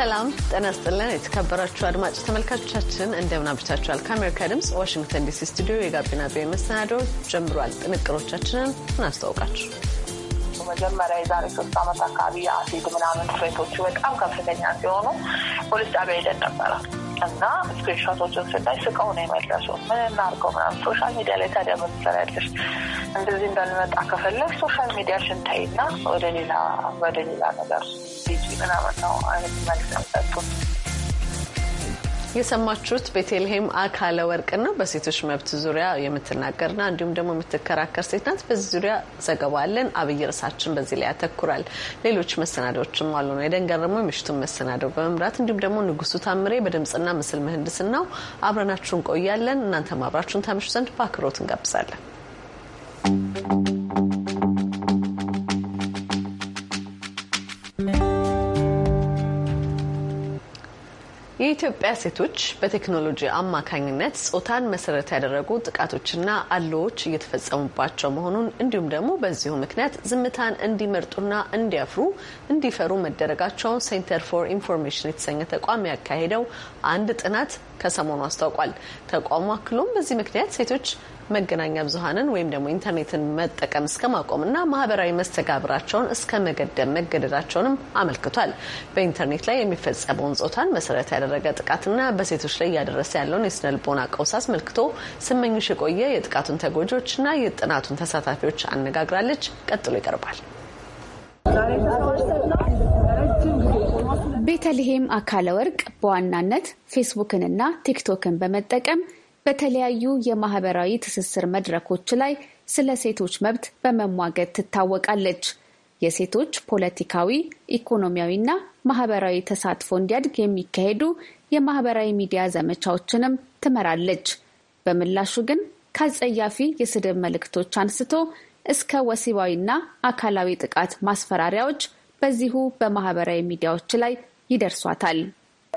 ሰላም ጤና ይስጥልን። የተከበራችሁ አድማጭ ተመልካቾቻችን እንደምን አምሽታችኋል? ከአሜሪካ ድምፅ ዋሽንግተን ዲሲ ስቱዲዮ የጋቢና ቤ መሰናዶ ጀምሯል። ጥንቅሮቻችንን እናስታውቃችሁ። መጀመሪያ የዛሬ ሶስት ዓመት አካባቢ የአሲድ ምናምን ፍሬቶቹ በጣም ከፍተኛ ሲሆኑ ፖሊስ ጣቢያ ሄደን ነበረ እና ስክሪንሾቶችን ስናይ ስቀው ነው የመለሱ። ምን እናርገው ምናምን ሶሻል ሚዲያ ላይ ታዲያ ምን ትሰሪያለሽ? እንደዚህ እንዳልመጣ ከፈለግ ሶሻል ሚዲያ ሽንታይና ወደ ሌላ ወደ ሌላ ነገር ምናምን ነው አይነት መልስ ሰጡት። የሰማችሁት ቤቴልሄም አካለ ወርቅ ነው። በሴቶች መብት ዙሪያ የምትናገርና እንዲሁም ደግሞ የምትከራከር ሴት ናት። በዚህ ዙሪያ ዘገባ አለን። አብይ ርዕሳችን በዚህ ላይ ያተኩራል። ሌሎች መሰናዶዎችም አሉ ነው የደንገር ደግሞ የምሽቱን መሰናደው በመምራት እንዲሁም ደግሞ ንጉሱ ታምሬ በድምፅና ምስል ናው አብረናችሁ እንቆያለን። እናንተም አብራችሁን ታምሹ ዘንድ በአክብሮት እንጋብዛለን። የኢትዮጵያ ሴቶች በቴክኖሎጂ አማካኝነት ጾታን መሰረት ያደረጉ ጥቃቶችና አለዎች እየተፈጸሙባቸው መሆኑን እንዲሁም ደግሞ በዚሁ ምክንያት ዝምታን እንዲመርጡና እንዲያፍሩ እንዲፈሩ መደረጋቸውን ሴንተር ፎር ኢንፎርሜሽን የተሰኘ ተቋም ያካሄደው አንድ ጥናት ከሰሞኑ አስታውቋል። ተቋሙ አክሎም በዚህ ምክንያት ሴቶች መገናኛ ብዙሀንን ወይም ደግሞ ኢንተርኔትን መጠቀም እስከ ማቆምና ማህበራዊ መስተጋብራቸውን እስከ መገደም መገደዳቸውንም አመልክቷል። በኢንተርኔት ላይ የሚፈጸመውን ጾታን መሰረት ያደረገ ጥቃትና በሴቶች ላይ እያደረሰ ያለውን የስነልቦና ቀውስ አስመልክቶ ስመኝሽ የቆየ የጥቃቱን ተጎጂዎችና የጥናቱን ተሳታፊዎች አነጋግራለች። ቀጥሎ ይቀርባል። ቤተልሔም አካለ ወርቅ በዋናነት ፌስቡክንና ቲክቶክን በመጠቀም በተለያዩ የማህበራዊ ትስስር መድረኮች ላይ ስለ ሴቶች መብት በመሟገት ትታወቃለች። የሴቶች ፖለቲካዊ፣ ኢኮኖሚያዊና ማህበራዊ ተሳትፎ እንዲያድግ የሚካሄዱ የማህበራዊ ሚዲያ ዘመቻዎችንም ትመራለች። በምላሹ ግን ከአጸያፊ የስድብ መልእክቶች አንስቶ እስከ ወሲባዊና አካላዊ ጥቃት ማስፈራሪያዎች በዚሁ በማህበራዊ ሚዲያዎች ላይ ይደርሷታል።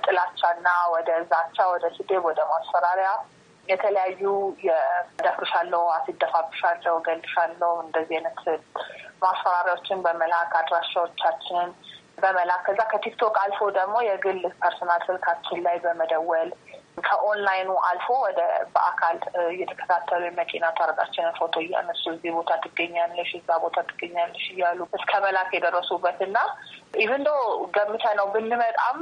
ጥላቻና ወደ ዛቻ፣ ወደ ስድብ፣ ወደ ማስፈራሪያ የተለያዩ የደፍርሻለው፣ አስደፋብሻለው፣ ገልሻለው እንደዚህ አይነት ማስፈራሪያዎችን በመላክ አድራሻዎቻችንን በመላክ ከዛ ከቲክቶክ አልፎ ደግሞ የግል ፐርሰናል ስልካችን ላይ በመደወል ከኦንላይኑ አልፎ ወደ በአካል እየተከታተሉ የመኪና ታርጋችንን ፎቶ እያነሱ እዚህ ቦታ ትገኛለሽ፣ እዛ ቦታ ትገኛለሽ እያሉ እስከ መላክ የደረሱበት እና ኢቨን ዶ ገምተ ነው ብንመጣም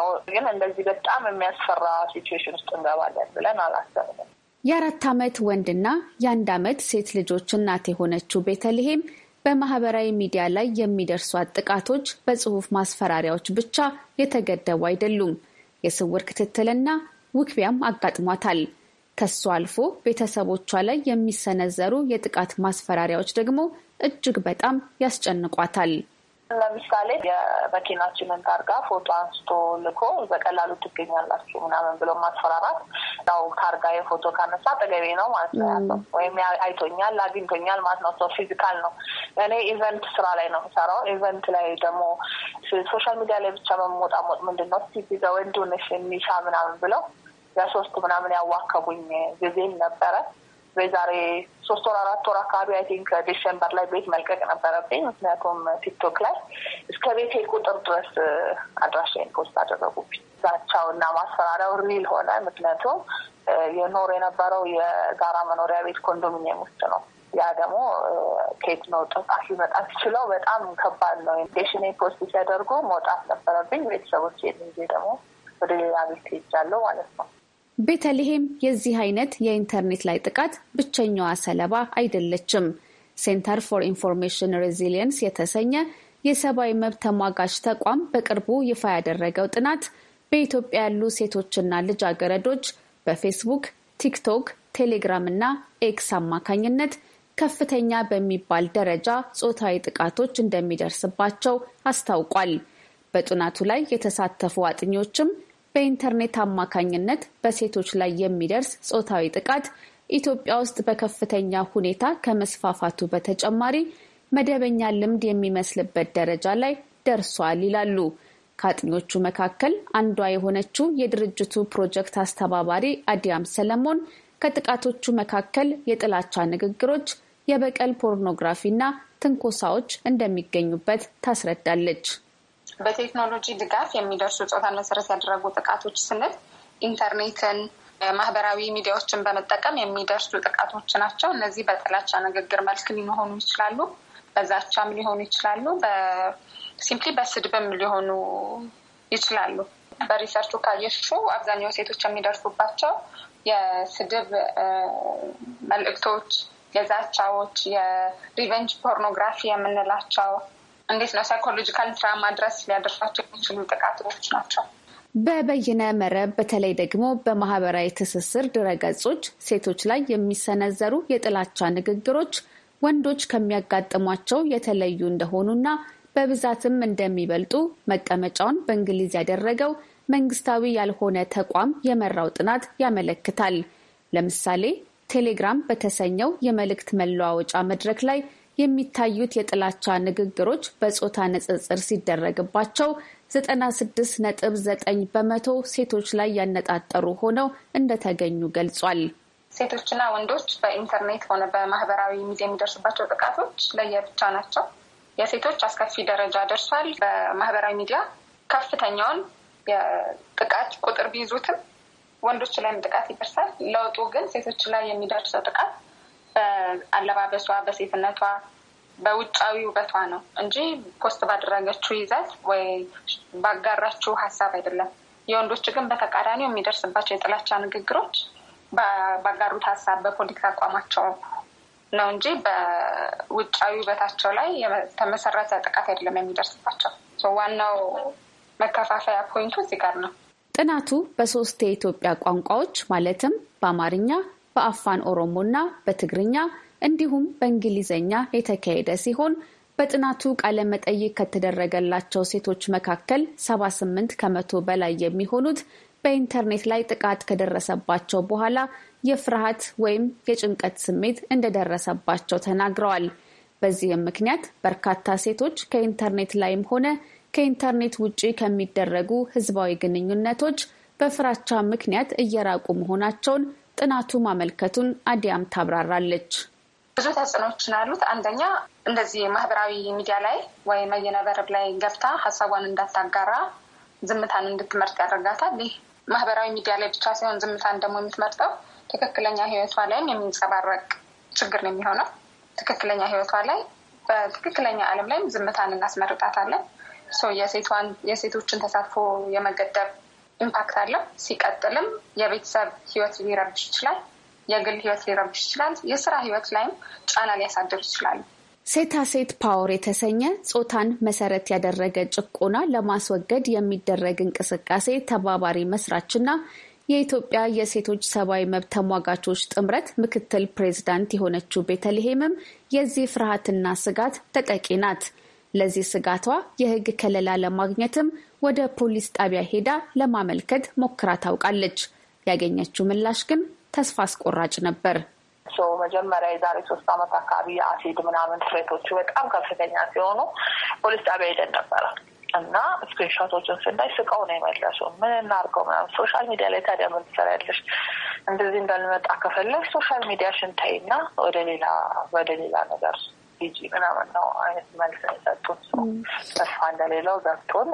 ነው ግን እንደዚህ በጣም የሚያስፈራ ሲትዌሽን ውስጥ እንገባለን ብለን አላሰብንም። የአራት ዓመት ወንድና የአንድ ዓመት ሴት ልጆች እናት የሆነችው ቤተልሔም በማህበራዊ ሚዲያ ላይ የሚደርሷት ጥቃቶች በጽሁፍ ማስፈራሪያዎች ብቻ የተገደቡ አይደሉም። የስውር ክትትልና ውክቢያም አጋጥሟታል። ከሱ አልፎ ቤተሰቦቿ ላይ የሚሰነዘሩ የጥቃት ማስፈራሪያዎች ደግሞ እጅግ በጣም ያስጨንቋታል። ለምሳሌ የመኪናችንን ታርጋ ፎቶ አንስቶ ልኮ በቀላሉ ትገኛላችሁ ምናምን ብሎ ማስፈራራት። ያው ታርጋ የፎቶ ካነሳ አጠገቤ ነው ማለት ነው ያለው ወይም አይቶኛል አግኝቶኛል ማለት ነው። ሰው ፊዚካል ነው። እኔ ኢቨንት ስራ ላይ ነው የምሰራው። ኢቨንት ላይ ደግሞ ሶሻል ሚዲያ ላይ ብቻ መሞጣሞጥ ምንድን ነው ሲፒዘ የሚሻ ምናምን ብለው ለሶስት ምናምን ያዋከቡኝ ጊዜም ነበረ። በዛሬ ሶስት ወር አራት ወር አካባቢ አይ ቲንክ ዲሴምበር ላይ ቤት መልቀቅ ነበረብኝ። ምክንያቱም ቲክቶክ ላይ እስከ ቤቴ ቁጥር ድረስ አድራሻዬን ፖስት አደረጉብኝ። ዛቻው እና ማስፈራሪያው ሪል ሆነ። ምክንያቱም የኖር የነበረው የጋራ መኖሪያ ቤት ኮንዶሚኒየም ውስጥ ነው። ያ ደግሞ ኬት ነው ጥቃት ሊመጣ ትችለው? በጣም ከባድ ነው። ዴሽኔ ፖስት ሲያደርጉ መውጣት ነበረብኝ። ቤተሰቦች ጊዜ ደግሞ ወደ ሌላ ቤት ሄጃለሁ ማለት ነው። ቤተልሔም የዚህ አይነት የኢንተርኔት ላይ ጥቃት ብቸኛዋ ሰለባ አይደለችም። ሴንተር ፎር ኢንፎርሜሽን ሬዚሊየንስ የተሰኘ የሰብአዊ መብት ተሟጋች ተቋም በቅርቡ ይፋ ያደረገው ጥናት በኢትዮጵያ ያሉ ሴቶችና ልጃገረዶች በፌስቡክ፣ ቲክቶክ፣ ቴሌግራም እና ኤክስ አማካኝነት ከፍተኛ በሚባል ደረጃ ጾታዊ ጥቃቶች እንደሚደርስባቸው አስታውቋል። በጥናቱ ላይ የተሳተፉ አጥኚዎችም በኢንተርኔት አማካኝነት በሴቶች ላይ የሚደርስ ጾታዊ ጥቃት ኢትዮጵያ ውስጥ በከፍተኛ ሁኔታ ከመስፋፋቱ በተጨማሪ መደበኛ ልምድ የሚመስልበት ደረጃ ላይ ደርሷል ይላሉ። ከአጥኞቹ መካከል አንዷ የሆነችው የድርጅቱ ፕሮጀክት አስተባባሪ አዲያም ሰለሞን ከጥቃቶቹ መካከል የጥላቻ ንግግሮች፣ የበቀል ፖርኖግራፊና ትንኮሳዎች እንደሚገኙበት ታስረዳለች። በቴክኖሎጂ ድጋፍ የሚደርሱ ጾታን መሰረት ያደረጉ ጥቃቶች ስንል ኢንተርኔትን፣ ማህበራዊ ሚዲያዎችን በመጠቀም የሚደርሱ ጥቃቶች ናቸው። እነዚህ በጥላቻ ንግግር መልክ ሊሆኑ ይችላሉ፣ በዛቻም ሊሆኑ ይችላሉ፣ በሲምፕሊ በስድብም ሊሆኑ ይችላሉ። በሪሰርቹ ካየሹ አብዛኛው ሴቶች የሚደርሱባቸው የስድብ መልእክቶች፣ የዛቻዎች፣ የሪቨንጅ ፖርኖግራፊ የምንላቸው እንዴት ነው ሳይኮሎጂካል ትራውማ ድረስ ሊያደርሳቸው የሚችሉ ጥቃቶች ናቸው። በበይነ መረብ በተለይ ደግሞ በማህበራዊ ትስስር ድረገጾች ሴቶች ላይ የሚሰነዘሩ የጥላቻ ንግግሮች ወንዶች ከሚያጋጥሟቸው የተለዩ እንደሆኑና በብዛትም እንደሚበልጡ መቀመጫውን በእንግሊዝ ያደረገው መንግስታዊ ያልሆነ ተቋም የመራው ጥናት ያመለክታል። ለምሳሌ ቴሌግራም በተሰኘው የመልእክት መለዋወጫ መድረክ ላይ የሚታዩት የጥላቻ ንግግሮች በጾታ ንጽጽር ሲደረግባቸው 96.9 በመቶ ሴቶች ላይ ያነጣጠሩ ሆነው እንደተገኙ ገልጿል። ሴቶችና ወንዶች በኢንተርኔት ሆነ በማህበራዊ ሚዲያ የሚደርሱባቸው ጥቃቶች ለየብቻ ናቸው። የሴቶች አስከፊ ደረጃ ደርሷል። በማህበራዊ ሚዲያ ከፍተኛውን የጥቃት ቁጥር ቢይዙትም ወንዶች ላይም ጥቃት ይደርሳል። ለውጡ ግን ሴቶች ላይ የሚደርሰው ጥቃት በአለባበሷ፣ በሴትነቷ፣ በውጫዊ ውበቷ ነው እንጂ ፖስት ባደረገችው ይዘት ወይ ባጋራችው ሀሳብ አይደለም። የወንዶች ግን በተቃራኒው የሚደርስባቸው የጥላቻ ንግግሮች ባጋሩት ሀሳብ በፖለቲካ አቋማቸው ነው እንጂ በውጫዊ ውበታቸው ላይ የተመሰረተ ጥቃት አይደለም የሚደርስባቸው። ዋናው መከፋፈያ ፖይንቱ እዚህ ጋር ነው። ጥናቱ በሶስት የኢትዮጵያ ቋንቋዎች ማለትም በአማርኛ፣ በአፋን ኦሮሞና በትግርኛ እንዲሁም በእንግሊዝኛ የተካሄደ ሲሆን በጥናቱ ቃለመጠይቅ ከተደረገላቸው ሴቶች መካከል 78 ከመቶ በላይ የሚሆኑት በኢንተርኔት ላይ ጥቃት ከደረሰባቸው በኋላ የፍርሃት ወይም የጭንቀት ስሜት እንደደረሰባቸው ተናግረዋል። በዚህም ምክንያት በርካታ ሴቶች ከኢንተርኔት ላይም ሆነ ከኢንተርኔት ውጪ ከሚደረጉ ሕዝባዊ ግንኙነቶች በፍራቻ ምክንያት እየራቁ መሆናቸውን ጥናቱ ማመልከቱን አዲያም ታብራራለች። ብዙ ተጽዕኖች ያሉት አንደኛ እንደዚህ ማህበራዊ ሚዲያ ላይ ወይ መየነበረብ ላይ ገብታ ሀሳቧን እንዳታጋራ ዝምታን እንድትመርጥ ያደርጋታል። ይህ ማህበራዊ ሚዲያ ላይ ብቻ ሳይሆን ዝምታን ደግሞ የምትመርጠው ትክክለኛ ህይወቷ ላይም የሚንጸባረቅ ችግር ነው የሚሆነው። ትክክለኛ ህይወቷ ላይ በትክክለኛ ዓለም ላይም ዝምታን እናስመርጣታለን። የሴቶችን ተሳትፎ የመገደብ ኢምፓክት አለው። ሲቀጥልም የቤተሰብ ህይወት ሊረብሽ ይችላል። የግል ህይወት ሊረብሽ ይችላል። የስራ ህይወት ላይም ጫና ሊያሳድር ይችላል። ሴታ ሴት ፓወር የተሰኘ ጾታን መሰረት ያደረገ ጭቆና ለማስወገድ የሚደረግ እንቅስቃሴ ተባባሪ መስራችና የኢትዮጵያ የሴቶች ሰብአዊ መብት ተሟጋቾች ጥምረት ምክትል ፕሬዝዳንት የሆነችው ቤተልሔምም የዚህ ፍርሃትና ስጋት ተጠቂ ናት። ለዚህ ስጋቷ የህግ ከለላ ለማግኘትም ወደ ፖሊስ ጣቢያ ሄዳ ለማመልከት ሞክራ ታውቃለች። ያገኘችው ምላሽ ግን ተስፋ አስቆራጭ ነበር። መጀመሪያ የዛሬ ሶስት ዓመት አካባቢ የአሲድ ምናምን ፍሬቶቹ በጣም ከፍተኛ ሲሆኑ ፖሊስ ጣቢያ ሄደን ነበረ እና ስክሪንሾቶችን ስናይ ስቀው ነው የመለሱ። ምን እናርገው ምናምን። ሶሻል ሚዲያ ላይ ታዲያ ምን ትሰሪያለሽ? እንደዚህ እንዳልመጣ ከፈለግ ሶሻል ሚዲያ ሽንታይና ወደ ሌላ ወደ ሌላ ነገር ሂጂ ምናምን ነው አይነት መልስ የሰጡት። ተስፋ እንደሌለው ዘግቶን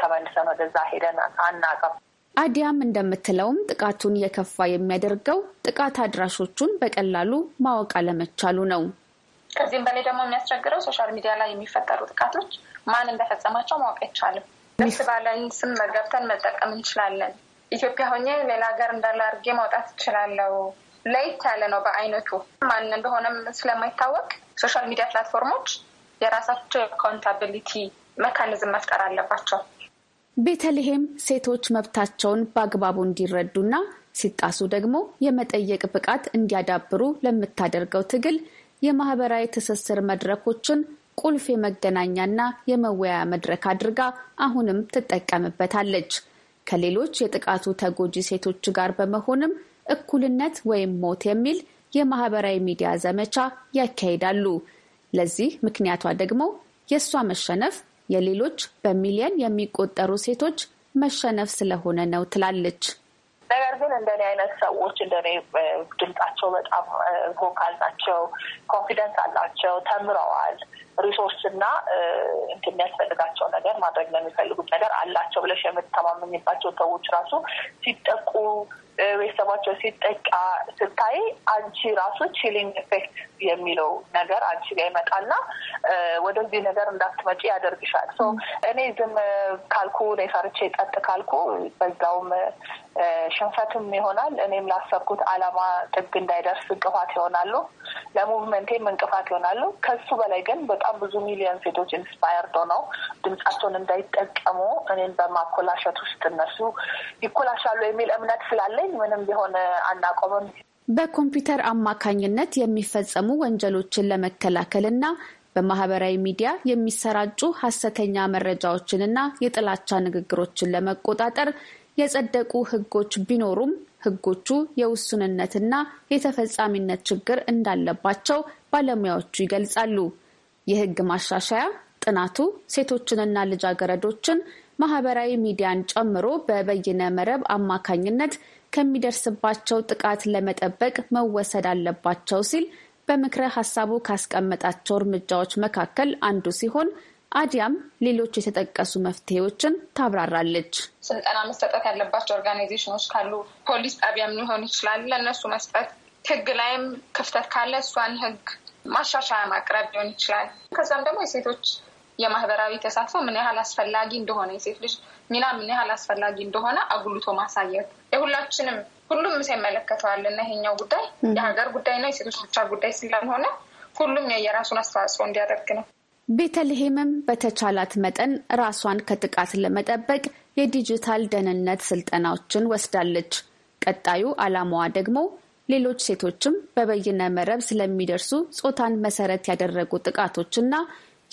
ተመልሰን ወደዛ ሄደን አናቀም። አዲያም እንደምትለውም ጥቃቱን የከፋ የሚያደርገው ጥቃት አድራሾቹን በቀላሉ ማወቅ አለመቻሉ ነው። ከዚህም በላይ ደግሞ የሚያስቸግረው ሶሻል ሚዲያ ላይ የሚፈጠሩ ጥቃቶች ማን እንደፈጸማቸው ማወቅ አይቻልም። ደስ ባለን ስም መገብተን መጠቀም እንችላለን። ኢትዮጵያ ሆኜ ሌላ ሀገር እንዳለ አድርጌ ማውጣት እችላለሁ። ለየት ያለ ነው በአይነቱ ማን እንደሆነም ስለማይታወቅ ሶሻል ሚዲያ ፕላትፎርሞች የራሳቸው የአካውንታቢሊቲ መካኒዝም መፍጠር አለባቸው። ቤተልሔም ሴቶች መብታቸውን በአግባቡ እንዲረዱና ሲጣሱ ደግሞ የመጠየቅ ብቃት እንዲያዳብሩ ለምታደርገው ትግል የማህበራዊ ትስስር መድረኮችን ቁልፍ የመገናኛና የመወያያ መድረክ አድርጋ አሁንም ትጠቀምበታለች። ከሌሎች የጥቃቱ ተጎጂ ሴቶች ጋር በመሆንም እኩልነት ወይም ሞት የሚል የማህበራዊ ሚዲያ ዘመቻ ያካሂዳሉ። ለዚህ ምክንያቷ ደግሞ የእሷ መሸነፍ የሌሎች በሚሊየን የሚቆጠሩ ሴቶች መሸነፍ ስለሆነ ነው ትላለች። ነገር ግን እንደኔ አይነት ሰዎች እንደኔ ድምጻቸው በጣም ቮካል ናቸው፣ ኮንፊደንስ አላቸው፣ ተምረዋል፣ ሪሶርስ እና የሚያስፈልጋቸው ነገር ማድረግ ለሚፈልጉት ነገር አላቸው ብለሽ የምትተማመኝባቸው ሰዎች ራሱ ሲጠቁ ቤተሰባቸው ሲጠቃ ስታይ አንቺ ራሱ ቺሊንግ ኢፌክት የሚለው ነገር አንቺ ጋር ይመጣና ወደዚህ ነገር እንዳትመጪ ያደርግሻል። እኔ ዝም ካልኩ እኔ ፈርቼ ጠጥ ካልኩ በዛውም ሽንፈትም ይሆናል። እኔም ላሰብኩት አላማ ጥግ እንዳይደርስ እንቅፋት ይሆናሉ፣ ለሙቭመንቴም እንቅፋት ይሆናሉ። ከሱ በላይ ግን በጣም ብዙ ሚሊዮን ሴቶች ኢንስፓየርድ ሆነው ድምጻቸውን እንዳይጠቀሙ እኔን በማኮላሸት ውስጥ እነሱ ይኮላሻሉ የሚል እምነት ስላለ ላይ ምንም ቢሆን አናቆምም። በኮምፒውተር አማካኝነት የሚፈጸሙ ወንጀሎችን ለመከላከል እና በማህበራዊ ሚዲያ የሚሰራጩ ሀሰተኛ መረጃዎችንና የጥላቻ ንግግሮችን ለመቆጣጠር የጸደቁ ህጎች ቢኖሩም ህጎቹ የውሱንነትና የተፈጻሚነት ችግር እንዳለባቸው ባለሙያዎቹ ይገልጻሉ። የህግ ማሻሻያ ጥናቱ ሴቶችንና ልጃገረዶችን ማህበራዊ ሚዲያን ጨምሮ በበይነ መረብ አማካኝነት ከሚደርስባቸው ጥቃት ለመጠበቅ መወሰድ አለባቸው ሲል በምክረ ሀሳቡ ካስቀመጣቸው እርምጃዎች መካከል አንዱ ሲሆን አዲያም ሌሎች የተጠቀሱ መፍትሄዎችን ታብራራለች። ስልጠና መሰጠት ያለባቸው ኦርጋናይዜሽኖች ካሉ ፖሊስ ጣቢያም ሊሆን ይችላል፣ ለእነሱ መስጠት፣ ህግ ላይም ክፍተት ካለ እሷን ህግ ማሻሻያ ማቅረብ ሊሆን ይችላል። ከዛም ደግሞ የሴቶች የማህበራዊ ተሳትፎ ምን ያህል አስፈላጊ እንደሆነ የሴት ልጅ ሚና ምን ያህል አስፈላጊ እንደሆነ አጉልቶ ማሳየት የሁላችንም ሁሉም ይመለከተዋል እና ይሄኛው ጉዳይ የሀገር ጉዳይ ነው የሴቶች ብቻ ጉዳይ ስላልሆነ ሁሉም የየራሱን አስተዋጽኦ እንዲያደርግ ነው። ቤተልሔምም በተቻላት መጠን ራሷን ከጥቃት ለመጠበቅ የዲጂታል ደህንነት ስልጠናዎችን ወስዳለች። ቀጣዩ ዓላማዋ ደግሞ ሌሎች ሴቶችም በበይነ መረብ ስለሚደርሱ ጾታን መሰረት ያደረጉ ጥቃቶችና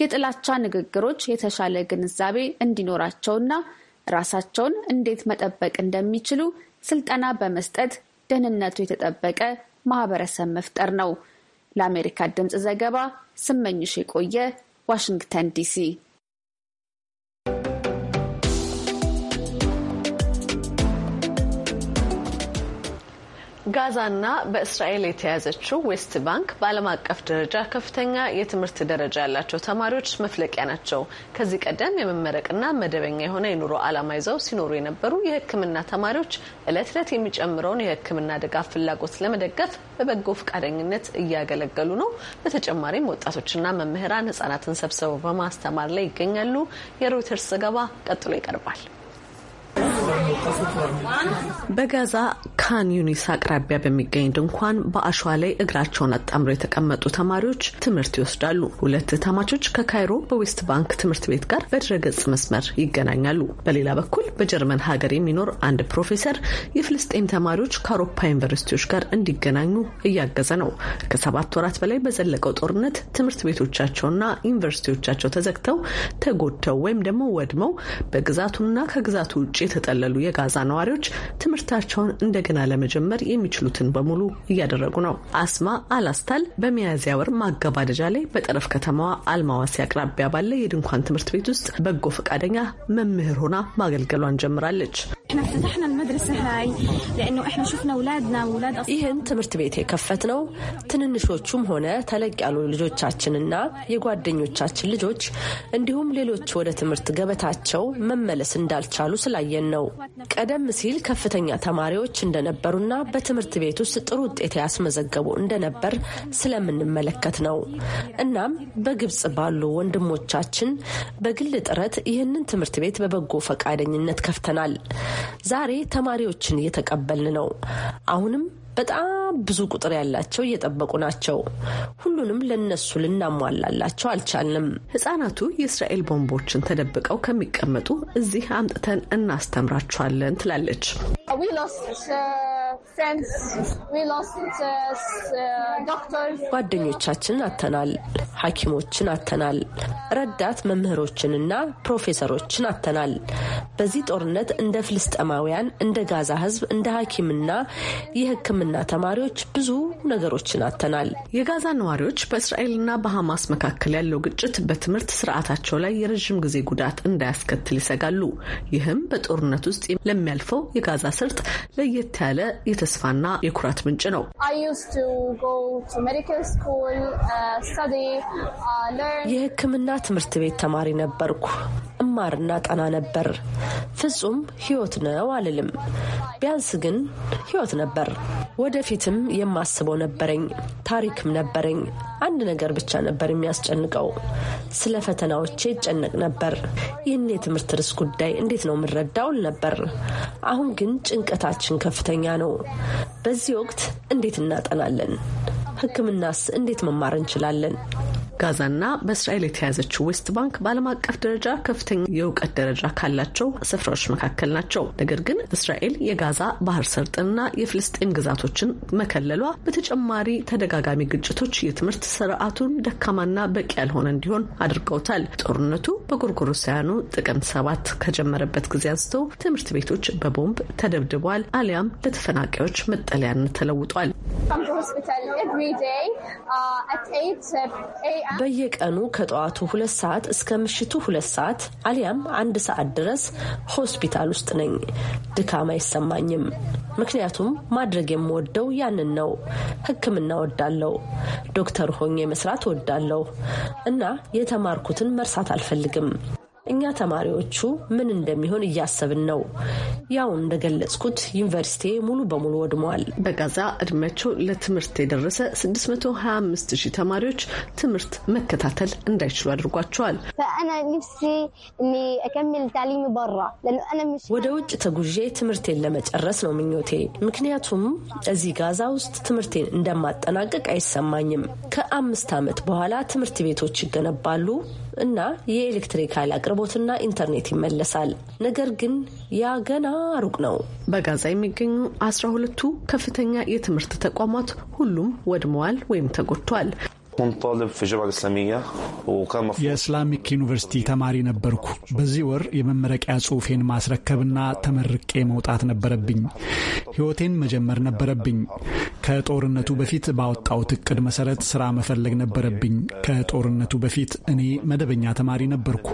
የጥላቻ ንግግሮች የተሻለ ግንዛቤ እንዲኖራቸውና ራሳቸውን እንዴት መጠበቅ እንደሚችሉ ስልጠና በመስጠት ደህንነቱ የተጠበቀ ማህበረሰብ መፍጠር ነው። ለአሜሪካ ድምፅ ዘገባ ስመኝሽ የቆየ ዋሽንግተን ዲሲ። ጋዛና በእስራኤል የተያዘችው ዌስት ባንክ በዓለም አቀፍ ደረጃ ከፍተኛ የትምህርት ደረጃ ያላቸው ተማሪዎች መፍለቂያ ናቸው። ከዚህ ቀደም የመመረቅና መደበኛ የሆነ የኑሮ ዓላማ ይዘው ሲኖሩ የነበሩ የሕክምና ተማሪዎች እለት እለት የሚጨምረውን የሕክምና ድጋፍ ፍላጎት ለመደገፍ በበጎ ፈቃደኝነት እያገለገሉ ነው። በተጨማሪም ወጣቶችና መምህራን ሕጻናትን ሰብስበው በማስተማር ላይ ይገኛሉ። የሮይተርስ ዘገባ ቀጥሎ ይቀርባል። በጋዛ ካን ዩኒስ አቅራቢያ በሚገኝ ድንኳን በአሸዋ ላይ እግራቸውን አጣምረው የተቀመጡ ተማሪዎች ትምህርት ይወስዳሉ። ሁለት ተማቾች ከካይሮ በዌስት ባንክ ትምህርት ቤት ጋር በድረገጽ መስመር ይገናኛሉ። በሌላ በኩል በጀርመን ሀገር የሚኖር አንድ ፕሮፌሰር የፍልስጤም ተማሪዎች ከአውሮፓ ዩኒቨርሲቲዎች ጋር እንዲገናኙ እያገዘ ነው። ከሰባት ወራት በላይ በዘለቀው ጦርነት ትምህርት ቤቶቻቸውና ዩኒቨርሲቲዎቻቸው ተዘግተው ተጎድተው ወይም ደግሞ ወድመው በግዛቱና ከግዛቱ ውጭ የተጠ የተጠለሉ የጋዛ ነዋሪዎች ትምህርታቸውን እንደገና ለመጀመር የሚችሉትን በሙሉ እያደረጉ ነው። አስማ አላስታል በሚያዝያ ወር ማገባደጃ ላይ በጠረፍ ከተማዋ አልማዋሲ አቅራቢያ ባለ የድንኳን ትምህርት ቤት ውስጥ በጎ ፈቃደኛ መምህር ሆና ማገልገሏን ጀምራለች። ይህን ትምህርት ቤት የከፈት ነው ትንንሾቹም ሆነ ተለቅ ያሉ ልጆቻችንና የጓደኞቻችን ልጆች እንዲሁም ሌሎች ወደ ትምህርት ገበታቸው መመለስ እንዳልቻሉ ስላየን ነው። ነው። ቀደም ሲል ከፍተኛ ተማሪዎች እንደነበሩና በትምህርት ቤት ውስጥ ጥሩ ውጤት ያስመዘገቡ እንደነበር ስለምንመለከት ነው። እናም በግብጽ ባሉ ወንድሞቻችን በግል ጥረት ይህንን ትምህርት ቤት በበጎ ፈቃደኝነት ከፍተናል። ዛሬ ተማሪዎችን እየተቀበልን ነው። አሁንም በጣም ብዙ ቁጥር ያላቸው እየጠበቁ ናቸው። ሁሉንም ለነሱ ልናሟላላቸው አልቻልንም። ህጻናቱ የእስራኤል ቦምቦችን ተደብቀው ከሚቀመጡ እዚህ አምጥተን እናስተምራቸዋለን ትላለች። uh, uh, uh, ጓደኞቻችንን አተናል፣ ሐኪሞችን አተናል፣ ረዳት መምህሮችንና ፕሮፌሰሮችን አተናል። በዚህ ጦርነት እንደ ፍልስጠማውያን እንደ ጋዛ ህዝብ እንደ ሐኪምና የህክምና ሕጻናትና ተማሪዎች ብዙ ነገሮችን አተናል። የጋዛ ነዋሪዎች በእስራኤልና በሐማስ መካከል ያለው ግጭት በትምህርት ስርዓታቸው ላይ የረዥም ጊዜ ጉዳት እንዳያስከትል ይሰጋሉ። ይህም በጦርነት ውስጥ ለሚያልፈው የጋዛ ስርጥ ለየት ያለ የተስፋና የኩራት ምንጭ ነው። uh, uh, የሕክምና ትምህርት ቤት ተማሪ ነበርኩ። እማርና ጠና ነበር። ፍጹም ህይወት ነው አልልም፣ ቢያንስ ግን ህይወት ነበር። ወደፊትም የማስበው ነበረኝ፣ ታሪክም ነበረኝ። አንድ ነገር ብቻ ነበር የሚያስጨንቀው፣ ስለ ፈተናዎቼ ይጨነቅ ነበር። ይህን የትምህርት ርዕስ ጉዳይ እንዴት ነው የምረዳውል ነበር። አሁን ግን ጭንቀታችን ከፍተኛ ነው። በዚህ ወቅት እንዴት እናጠናለን? ህክምናስ እንዴት መማር እንችላለን? ጋዛና በእስራኤል የተያዘችው ዌስት ባንክ በዓለም አቀፍ ደረጃ ከፍተኛ የእውቀት ደረጃ ካላቸው ስፍራዎች መካከል ናቸው። ነገር ግን እስራኤል የጋዛ ባህር ሰርጥንና የፍልስጤም ግዛቶችን መከለሏ በተጨማሪ ተደጋጋሚ ግጭቶች የትምህርት ስርዓቱን ደካማና በቂ ያልሆነ እንዲሆን አድርገውታል። ጦርነቱ በጎርጎሮሳውያኑ ጥቅምት ሰባት ከጀመረበት ጊዜ አንስቶ ትምህርት ቤቶች በቦምብ ተደብድቧል፣ አሊያም ለተፈናቃዮች መጠለያነት ተለውጧል። በየቀኑ ከጠዋቱ ሁለት ሰዓት እስከ ምሽቱ ሁለት ሰዓት አሊያም አንድ ሰዓት ድረስ ሆስፒታል ውስጥ ነኝ። ድካም አይሰማኝም፣ ምክንያቱም ማድረግ የምወደው ያንን ነው። ሕክምና ወዳለው፣ ዶክተር ሆኜ መስራት ወዳለው እና የተማርኩትን መርሳት አልፈልግም። እኛ ተማሪዎቹ ምን እንደሚሆን እያሰብን ነው። ያው እንደገለጽኩት ዩኒቨርሲቲ ሙሉ በሙሉ ወድመዋል። በጋዛ እድሜያቸው ለትምህርት የደረሰ 625 ሺህ ተማሪዎች ትምህርት መከታተል እንዳይችሉ አድርጓቸዋል። ወደ ውጭ ተጉዤ ትምህርቴን ለመጨረስ ነው ምኞቴ። ምክንያቱም እዚህ ጋዛ ውስጥ ትምህርቴን እንደማጠናቀቅ አይሰማኝም። ከአምስት ዓመት በኋላ ትምህርት ቤቶች ይገነባሉ እና የኤሌክትሪክ ኃይል አቅርቦትና ኢንተርኔት ይመለሳል። ነገር ግን ያ ገና ሩቅ ነው። በጋዛ የሚገኙ አስራ ሁለቱ ከፍተኛ የትምህርት ተቋማት ሁሉም ወድመዋል ወይም ተጎድቷል። የእስላሚክ ዩኒቨርሲቲ ተማሪ ነበርኩ። በዚህ ወር የመመረቂያ ጽሑፌን ማስረከብና ተመርቄ መውጣት ነበረብኝ። ሕይወቴን መጀመር ነበረብኝ። ከጦርነቱ በፊት ባወጣሁት እቅድ መሰረት ስራ መፈለግ ነበረብኝ። ከጦርነቱ በፊት እኔ መደበኛ ተማሪ ነበርኩ።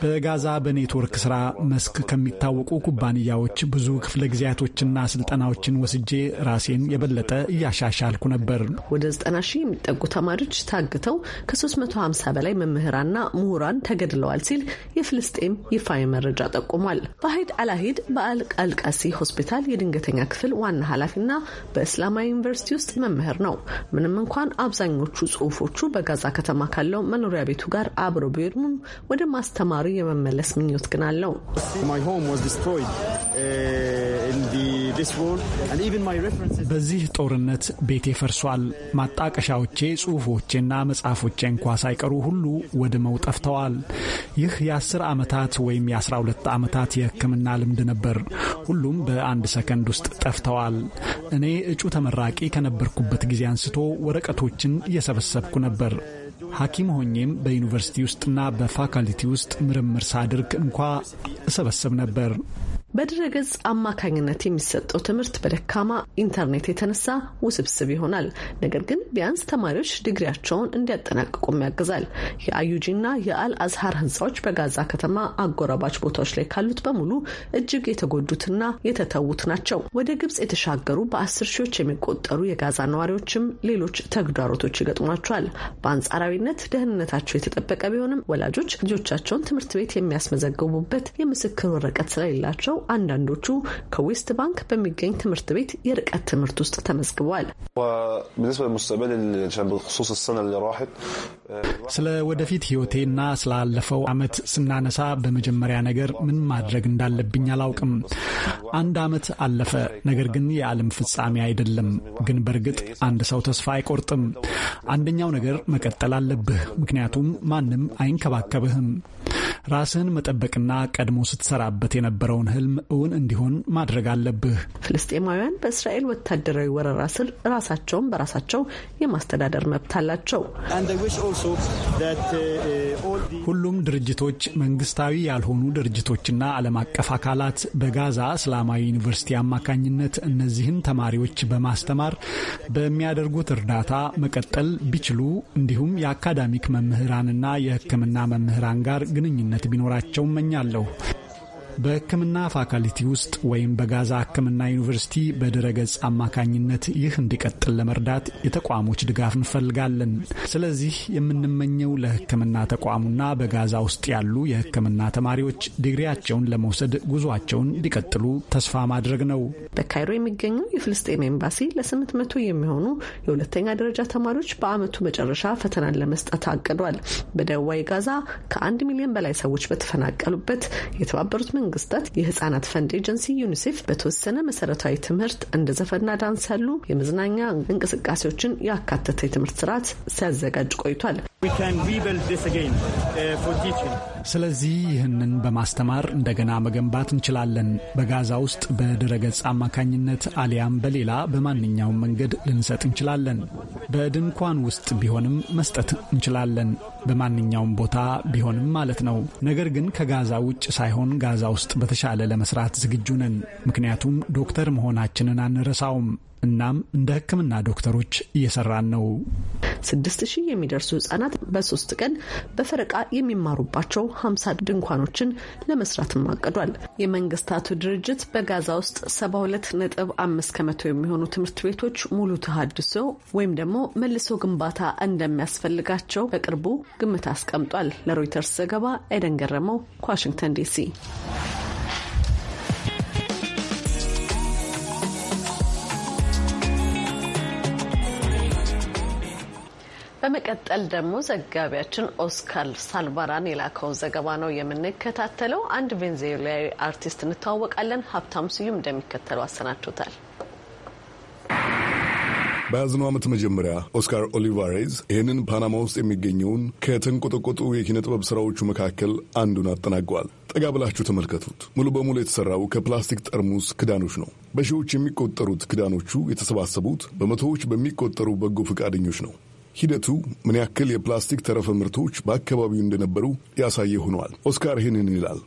በጋዛ በኔትወርክ ስራ መስክ ከሚታወቁ ኩባንያዎች ብዙ ክፍለ ጊዜያቶችና ስልጠናዎችን ወስጄ ራሴን የበለጠ እያሻሻልኩ ነበር። ወደ 90 ሺህ የሚጠጉ ተማሪዎች ታግተው ከ350 በላይ መምህራንና ምሁራን ተገድለዋል ሲል የፍልስጤም ይፋዊ መረጃ ጠቁሟል። በሀይድ አላሂድ በአልቃልቃሲ ሆስፒታል የድንገተኛ ክፍል ዋና ኃላፊና በእስላማዊ ዩኒቨርሲቲ ውስጥ መምህር ነው። ምንም እንኳን አብዛኞቹ ጽሁፎቹ በጋዛ ከተማ ካለው መኖሪያ ቤቱ ጋር አብሮ ቢሄዱም ወደ ማስተማሩ የመመለስ ምኞት ግን አለው። uh, በዚህ ጦርነት ቤቴ ፈርሷል። ማጣቀሻዎቼ፣ ጽሁፎቼና መጽሐፎቼ እንኳ ሳይቀሩ ሁሉ ወድመው ጠፍተዋል። ይህ የ10 ዓመታት ወይም የ12 ዓመታት የሕክምና ልምድ ነበር። ሁሉም በአንድ ሰከንድ ውስጥ ጠፍተዋል። እኔ እጩ ተመራ ተመራቂ ከነበርኩበት ጊዜ አንስቶ ወረቀቶችን እየሰበሰብኩ ነበር። ሐኪም ሆኜም በዩኒቨርሲቲ ውስጥና በፋካልቲ ውስጥ ምርምር ሳድርግ እንኳ እሰበስብ ነበር። በድረገጽ አማካኝነት የሚሰጠው ትምህርት በደካማ ኢንተርኔት የተነሳ ውስብስብ ይሆናል። ነገር ግን ቢያንስ ተማሪዎች ዲግሪያቸውን እንዲያጠናቅቁም ያግዛል። የአዩጂ እና የአል አዝሃር ህንፃዎች በጋዛ ከተማ አጎራባች ቦታዎች ላይ ካሉት በሙሉ እጅግ የተጎዱትና የተተዉት ናቸው። ወደ ግብጽ የተሻገሩ በአስር ሺዎች የሚቆጠሩ የጋዛ ነዋሪዎችም ሌሎች ተግዳሮቶች ይገጥሟቸዋል። በአንጻራዊነት ደህንነታቸው የተጠበቀ ቢሆንም ወላጆች ልጆቻቸውን ትምህርት ቤት የሚያስመዘግቡበት የምስክር ወረቀት ስለሌላቸው አንዳንዶቹ ከዌስት ባንክ በሚገኝ ትምህርት ቤት የርቀት ትምህርት ውስጥ ተመዝግቧል። ስለ ወደፊት ህይወቴና ስላለፈው አመት ስናነሳ በመጀመሪያ ነገር ምን ማድረግ እንዳለብኝ አላውቅም። አንድ አመት አለፈ፣ ነገር ግን የዓለም ፍጻሜ አይደለም። ግን በእርግጥ አንድ ሰው ተስፋ አይቆርጥም። አንደኛው ነገር መቀጠል አለብህ፣ ምክንያቱም ማንም አይንከባከብህም። ራስህን መጠበቅና ቀድሞ ስትሰራበት የነበረውን ህልም እውን እንዲሆን ማድረግ አለብህ። ፍልስጤማውያን በእስራኤል ወታደራዊ ወረራ ስር ራሳቸውን በራሳቸው የማስተዳደር መብት አላቸው። uh, ሁሉም ድርጅቶች፣ መንግስታዊ ያልሆኑ ድርጅቶችና ዓለም አቀፍ አካላት በጋዛ እስላማዊ ዩኒቨርሲቲ አማካኝነት እነዚህን ተማሪዎች በማስተማር በሚያደርጉት እርዳታ መቀጠል ቢችሉ እንዲሁም የአካዳሚክ መምህራንና የሕክምና መምህራን ጋር ግንኙነት ግንኙነት ቢኖራቸው እመኛለሁ። በሕክምና ፋካልቲ ውስጥ ወይም በጋዛ ሕክምና ዩኒቨርሲቲ በድረገጽ አማካኝነት ይህ እንዲቀጥል ለመርዳት የተቋሞች ድጋፍ እንፈልጋለን። ስለዚህ የምንመኘው ለሕክምና ተቋሙና በጋዛ ውስጥ ያሉ የሕክምና ተማሪዎች ዲግሪያቸውን ለመውሰድ ጉዟቸውን እንዲቀጥሉ ተስፋ ማድረግ ነው። በካይሮ የሚገኘው የፍልስጤም ኤምባሲ ለስምንት መቶ የሚሆኑ የሁለተኛ ደረጃ ተማሪዎች በዓመቱ መጨረሻ ፈተናን ለመስጠት አቅዷል። በደቡባዊ ጋዛ ከአንድ ሚሊዮን በላይ ሰዎች በተፈናቀሉበት የተባበሩት መንግስታት የህጻናት ፈንድ ኤጀንሲ ዩኒሴፍ በተወሰነ መሰረታዊ ትምህርት እንደ ዘፈንና ዳንስ ያሉ የመዝናኛ እንቅስቃሴዎችን ያካተተ የትምህርት ስርዓት ሲያዘጋጅ ቆይቷል። Uh, ስለዚህ ይህንን በማስተማር እንደገና መገንባት እንችላለን። በጋዛ ውስጥ በድረገጽ አማካኝነት አሊያም በሌላ በማንኛውም መንገድ ልንሰጥ እንችላለን። በድንኳን ውስጥ ቢሆንም መስጠት እንችላለን። በማንኛውም ቦታ ቢሆንም ማለት ነው። ነገር ግን ከጋዛ ውጭ ሳይሆን ጋዛ ውስጥ በተሻለ ለመስራት ዝግጁ ነን። ምክንያቱም ዶክተር መሆናችንን አንረሳውም። እናም እንደ ሕክምና ዶክተሮች እየሰራን ነው። ስድስት ሺህ የሚደርሱ ህጻናት በሶስት ቀን በፈረቃ የሚማሩባቸው ሀምሳ ድንኳኖችን ለመስራትም አቅዷል። የመንግስታቱ ድርጅት በጋዛ ውስጥ ሰባ ሁለት ነጥብ አምስት ከመቶ የሚሆኑ ትምህርት ቤቶች ሙሉ ተሃድሶ ወይም ደግሞ መልሶ ግንባታ እንደሚያስፈልጋቸው በቅርቡ ግምት አስቀምጧል። ለሮይተርስ ዘገባ ኤደን ገረመው ከዋሽንግተን ዲሲ በመቀጠል ደግሞ ዘጋቢያችን ኦስካር ሳልቫራን የላከው ዘገባ ነው የምንከታተለው። አንድ ቬንዙዌላዊ አርቲስት እንተዋወቃለን። ሀብታም ስዩም እንደሚከተለው አሰናድቶታል። በያዝነው ዓመት መጀመሪያ ኦስካር ኦሊቫሬዝ ይህንን ፓናማ ውስጥ የሚገኘውን ከተንቆጠቆጡ የኪነ ጥበብ ሥራዎቹ መካከል አንዱን አጠናቀዋል። ጠጋ ብላችሁ ተመልከቱት። ሙሉ በሙሉ የተሠራው ከፕላስቲክ ጠርሙስ ክዳኖች ነው። በሺዎች የሚቆጠሩት ክዳኖቹ የተሰባሰቡት በመቶዎች በሚቆጠሩ በጎ ፈቃደኞች ነው። ሂደቱ ምን ያክል የፕላስቲክ ተረፈ ምርቶች በአካባቢው እንደነበሩ ያሳየ ሆነዋል። ኦስካር ይህንን ይላል።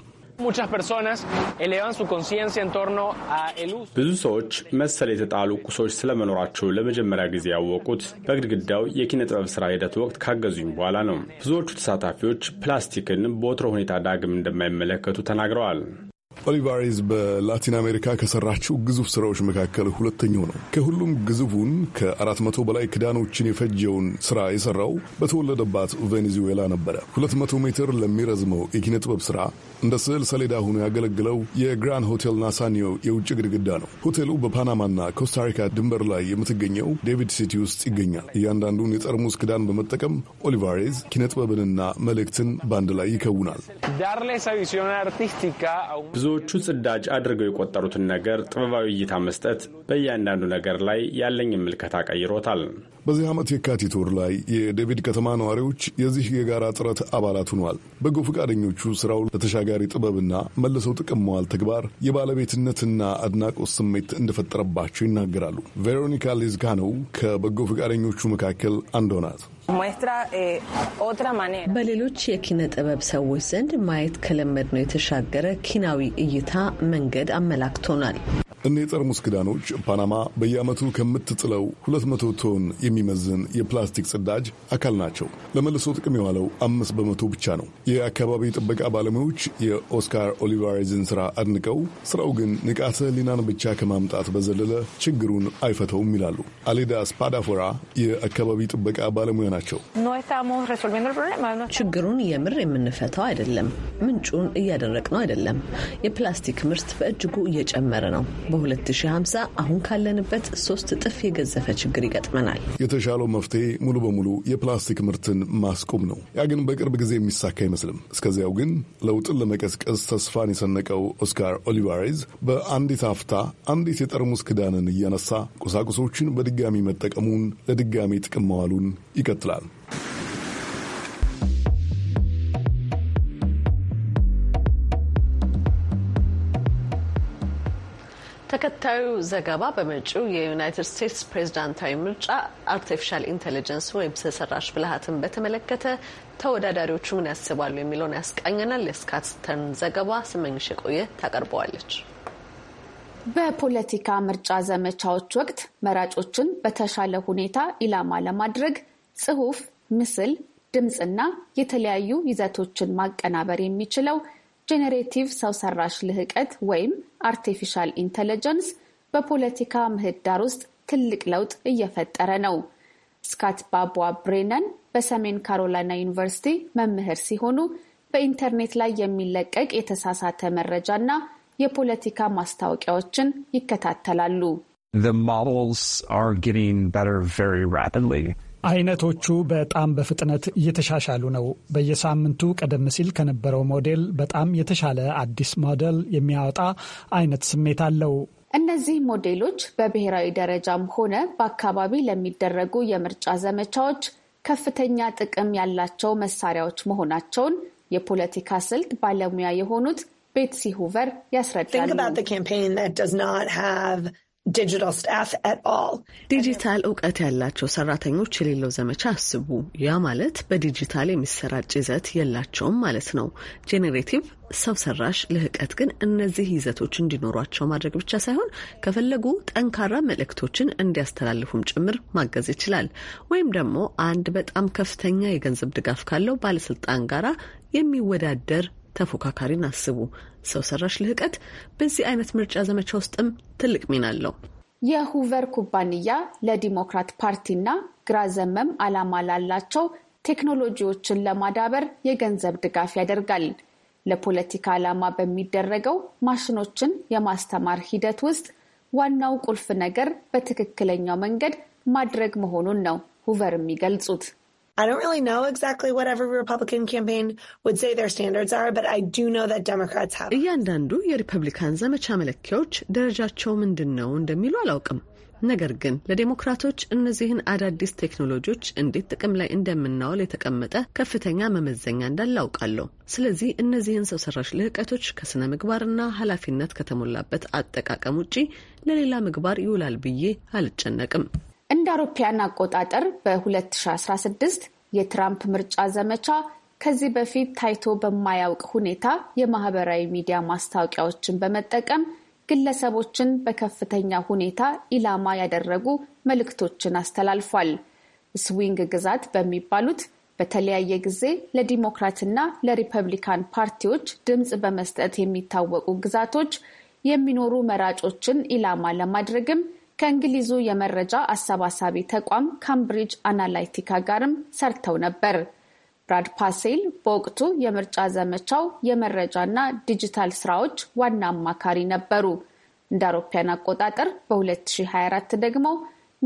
ብዙ ሰዎች መሰል የተጣሉ ቁሶች ስለመኖራቸው ለመጀመሪያ ጊዜ ያወቁት በግድግዳው የኪነ ጥበብ ስራ ሂደት ወቅት ካገዙኝ በኋላ ነው። ብዙዎቹ ተሳታፊዎች ፕላስቲክን በወትሮ ሁኔታ ዳግም እንደማይመለከቱ ተናግረዋል። ኦሊቫሬዝ በላቲን አሜሪካ ከሰራችው ግዙፍ ስራዎች መካከል ሁለተኛው ነው። ከሁሉም ግዙፉን ከ መቶ በላይ ክዳኖችን የፈጀውን ስራ የሰራው በተወለደባት ቬኔዙዌላ ነበረ። 200 ሜትር ለሚረዝመው የኪነ ጥበብ ስራ እንደ ስዕል ሰሌዳ ሆኖ ያገለግለው የግራን ሆቴል ናሳኒዮ የውጭ ግድግዳ ነው። ሆቴሉ በፓናማና ኮስታሪካ ድንበር ላይ የምትገኘው ዴቪድ ሲቲ ውስጥ ይገኛል። እያንዳንዱን የጠርሙስ ክዳን በመጠቀም ኦሊቫሬዝ ኪነ ጥበብንና መልእክትን በአንድ ላይ ይከውናል። ብዙዎቹ ጽዳጅ አድርገው የቆጠሩትን ነገር ጥበባዊ እይታ መስጠት በእያንዳንዱ ነገር ላይ ያለኝ ምልከታ ቀይሮታል። በዚህ ዓመት የካቲት ወር ላይ የዴቪድ ከተማ ነዋሪዎች የዚህ የጋራ ጥረት አባላት ሆኗል። በጎ ፈቃደኞቹ ስራው ለተሻጋሪ ጥበብና መልሰው ጥቅም መዋል ተግባር የባለቤትነትና አድናቆት ስሜት እንደፈጠረባቸው ይናገራሉ። ቬሮኒካ ሌዝጋኖው ከበጎ ፈቃደኞቹ መካከል አንዷ ናት። Eh, በሌሎች የኪነ ጥበብ ሰዎች ዘንድ ማየት ከለመድነው የተሻገረ ኪናዊ እይታ መንገድ አመላክቶናል። እኔ የጠርሙስ ክዳኖች ፓናማ በየዓመቱ ከምትጥለው 200 ቶን የሚመዝን የፕላስቲክ ጽዳጅ አካል ናቸው። ለመልሶ ጥቅም የዋለው አምስት በመቶ ብቻ ነው። የአካባቢ ጥበቃ ባለሙያዎች የኦስካር ኦሊቫሬዝን ስራ አድንቀው ስራው ግን ንቃተ ሊናን ብቻ ከማምጣት በዘለለ ችግሩን አይፈተውም ይላሉ። አሌዳ ስፓዳፎራ የአካባቢ ጥበቃ ባለሙያ ናቸው። ችግሩን የምር የምንፈታው አይደለም። ምንጩን እያደረቅ ነው አይደለም። የፕላስቲክ ምርት በእጅጉ እየጨመረ ነው። በ2050 አሁን ካለንበት ሶስት እጥፍ የገዘፈ ችግር ይገጥመናል። የተሻለው መፍትሄ ሙሉ በሙሉ የፕላስቲክ ምርትን ማስቆም ነው። ያ ግን በቅርብ ጊዜ የሚሳካ አይመስልም። እስከዚያው ግን ለውጥን ለመቀስቀስ ተስፋን የሰነቀው ኦስካር ኦሊቫሬዝ በአንዲት አፍታ አንዲት የጠርሙስ ክዳንን እያነሳ ቁሳቁሶችን በድጋሚ መጠቀሙን ለድጋሚ ጥቅም መዋሉን ይቀጥላል። ተከታዩ ዘገባ በመጪው የዩናይትድ ስቴትስ ፕሬዝዳንታዊ ምርጫ አርቲፊሻል ኢንቴሊጀንስ ወይም ሰው ሰራሽ ብልሃትን በተመለከተ ተወዳዳሪዎቹ ምን ያስባሉ የሚለውን ያስቃኘናል። የስካትስተርን ዘገባ ስመኝሽ የቆየ ታቀርበዋለች። በፖለቲካ ምርጫ ዘመቻዎች ወቅት መራጮችን በተሻለ ሁኔታ ኢላማ ለማድረግ ጽሁፍ፣ ምስል፣ ድምፅና የተለያዩ ይዘቶችን ማቀናበር የሚችለው ጄኔሬቲቭ ሰው ሰራሽ ልህቀት ወይም አርቲፊሻል ኢንተለጀንስ በፖለቲካ ምህዳር ውስጥ ትልቅ ለውጥ እየፈጠረ ነው። ስካት ባቧ ብሬነን በሰሜን ካሮላይና ዩኒቨርሲቲ መምህር ሲሆኑ በኢንተርኔት ላይ የሚለቀቅ የተሳሳተ መረጃና የፖለቲካ ማስታወቂያዎችን ይከታተላሉ። The models are getting better very rapidly. አይነቶቹ በጣም በፍጥነት እየተሻሻሉ ነው። በየሳምንቱ ቀደም ሲል ከነበረው ሞዴል በጣም የተሻለ አዲስ ሞዴል የሚያወጣ አይነት ስሜት አለው። እነዚህ ሞዴሎች በብሔራዊ ደረጃም ሆነ በአካባቢ ለሚደረጉ የምርጫ ዘመቻዎች ከፍተኛ ጥቅም ያላቸው መሳሪያዎች መሆናቸውን የፖለቲካ ስልት ባለሙያ የሆኑት ቤትሲ ሁቨር ያስረዳሉ። ዲጂታል እውቀት ያላቸው ሰራተኞች የሌለው ዘመቻ አስቡ። ያ ማለት በዲጂታል የሚሰራጭ ይዘት የላቸውም ማለት ነው። ጄኔሬቲቭ ሰው ሰራሽ ልህቀት ግን እነዚህ ይዘቶች እንዲኖሯቸው ማድረግ ብቻ ሳይሆን ከፈለጉ ጠንካራ መልእክቶችን እንዲያስተላልፉም ጭምር ማገዝ ይችላል። ወይም ደግሞ አንድ በጣም ከፍተኛ የገንዘብ ድጋፍ ካለው ባለስልጣን ጋራ የሚወዳደር ተፎካካሪን አስቡ። ሰው ሰራሽ ልህቀት በዚህ አይነት ምርጫ ዘመቻ ውስጥም ትልቅ ሚና አለው። የሁቨር ኩባንያ ለዲሞክራት ፓርቲና ግራ ዘመም ዓላማ ላላቸው ቴክኖሎጂዎችን ለማዳበር የገንዘብ ድጋፍ ያደርጋል። ለፖለቲካ ዓላማ በሚደረገው ማሽኖችን የማስተማር ሂደት ውስጥ ዋናው ቁልፍ ነገር በትክክለኛው መንገድ ማድረግ መሆኑን ነው ሁቨር የሚገልጹት። I don't really know exactly what every Republican campaign would say their standards are, but I do know that Democrats have. እያንዳንዱ የሪፐብሊካን ዘመቻ መለኪያዎች ደረጃቸው ምንድን ነው እንደሚሉ አላውቅም። ነገር ግን ለዴሞክራቶች እነዚህን አዳዲስ ቴክኖሎጂዎች እንዴት ጥቅም ላይ እንደምናውል የተቀመጠ ከፍተኛ መመዘኛ እንዳለ አውቃለሁ። ስለዚህ እነዚህን ሰው ሰራሽ ልህቀቶች ከስነ ምግባርና ኃላፊነት ከተሞላበት አጠቃቀም ውጪ ለሌላ ምግባር ይውላል ብዬ አልጨነቅም። እንደ አውሮፓያን አቆጣጠር በ2016 የትራምፕ ምርጫ ዘመቻ ከዚህ በፊት ታይቶ በማያውቅ ሁኔታ የማህበራዊ ሚዲያ ማስታወቂያዎችን በመጠቀም ግለሰቦችን በከፍተኛ ሁኔታ ኢላማ ያደረጉ መልእክቶችን አስተላልፏል። ስዊንግ ግዛት በሚባሉት በተለያየ ጊዜ ለዲሞክራትና ለሪፐብሊካን ፓርቲዎች ድምፅ በመስጠት የሚታወቁ ግዛቶች የሚኖሩ መራጮችን ኢላማ ለማድረግም ከእንግሊዙ የመረጃ አሰባሳቢ ተቋም ካምብሪጅ አናላይቲካ ጋርም ሰርተው ነበር። ብራድ ፓሴል በወቅቱ የምርጫ ዘመቻው የመረጃና ዲጂታል ስራዎች ዋና አማካሪ ነበሩ። እንደ አውሮፓውያን አቆጣጠር በ2024 ደግሞ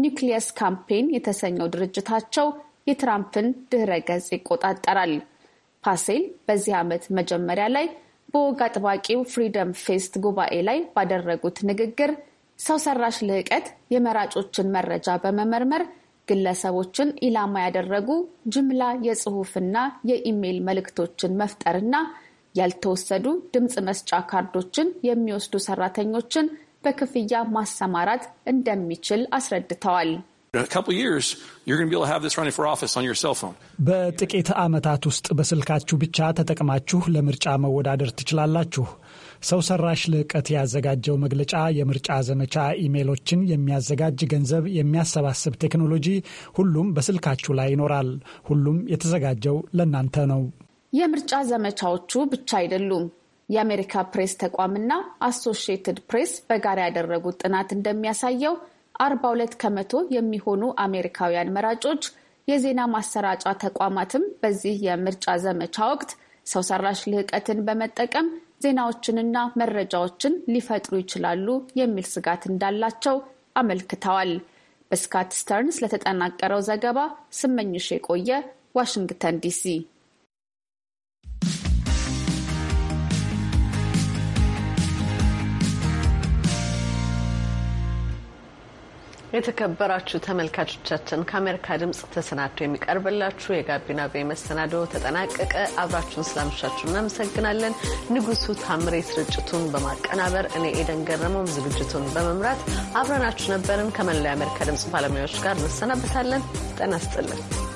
ኒውክሊየስ ካምፔን የተሰኘው ድርጅታቸው የትራምፕን ድህረ ገጽ ይቆጣጠራል። ፓሴል በዚህ ዓመት መጀመሪያ ላይ በወግ አጥባቂው ፍሪደም ፌስት ጉባኤ ላይ ባደረጉት ንግግር ሰው ሰራሽ ልዕቀት የመራጮችን መረጃ በመመርመር ግለሰቦችን ኢላማ ያደረጉ ጅምላ የጽሁፍና የኢሜይል መልእክቶችን መፍጠርና ያልተወሰዱ ድምፅ መስጫ ካርዶችን የሚወስዱ ሰራተኞችን በክፍያ ማሰማራት እንደሚችል አስረድተዋል። በጥቂት ዓመታት ውስጥ በስልካችሁ ብቻ ተጠቅማችሁ ለምርጫ መወዳደር ትችላላችሁ። ሰው ሰራሽ ልዕቀት ያዘጋጀው መግለጫ የምርጫ ዘመቻ ኢሜሎችን የሚያዘጋጅ ገንዘብ የሚያሰባስብ ቴክኖሎጂ ሁሉም በስልካችሁ ላይ ይኖራል። ሁሉም የተዘጋጀው ለእናንተ ነው። የምርጫ ዘመቻዎቹ ብቻ አይደሉም። የአሜሪካ ፕሬስ ተቋምና አሶሺየትድ ፕሬስ በጋራ ያደረጉት ጥናት እንደሚያሳየው አርባ ሁለት ከመቶ የሚሆኑ አሜሪካውያን መራጮች የዜና ማሰራጫ ተቋማትም በዚህ የምርጫ ዘመቻ ወቅት ሰው ሰራሽ ልህቀትን በመጠቀም ዜናዎችንና መረጃዎችን ሊፈጥሩ ይችላሉ የሚል ስጋት እንዳላቸው አመልክተዋል። በስካት ስተርንስ ለተጠናቀረው ዘገባ ስመኝሽ የቆየ ዋሽንግተን ዲሲ የተከበራችሁ ተመልካቾቻችን ከአሜሪካ ድምጽ ተሰናድቶ የሚቀርብላችሁ የጋቢና ቤ መሰናዶ ተጠናቀቀ። አብራችሁን ስላመሻችሁ እናመሰግናለን። ንጉሱ ታምሬ ስርጭቱን በማቀናበር እኔ ኤደን ገረመው ዝግጅቱን በመምራት አብረናችሁ ነበርን። ከመላው የአሜሪካ ድምጽ ባለሙያዎች ጋር እንሰናበታለን። ጤና ይስጥልን።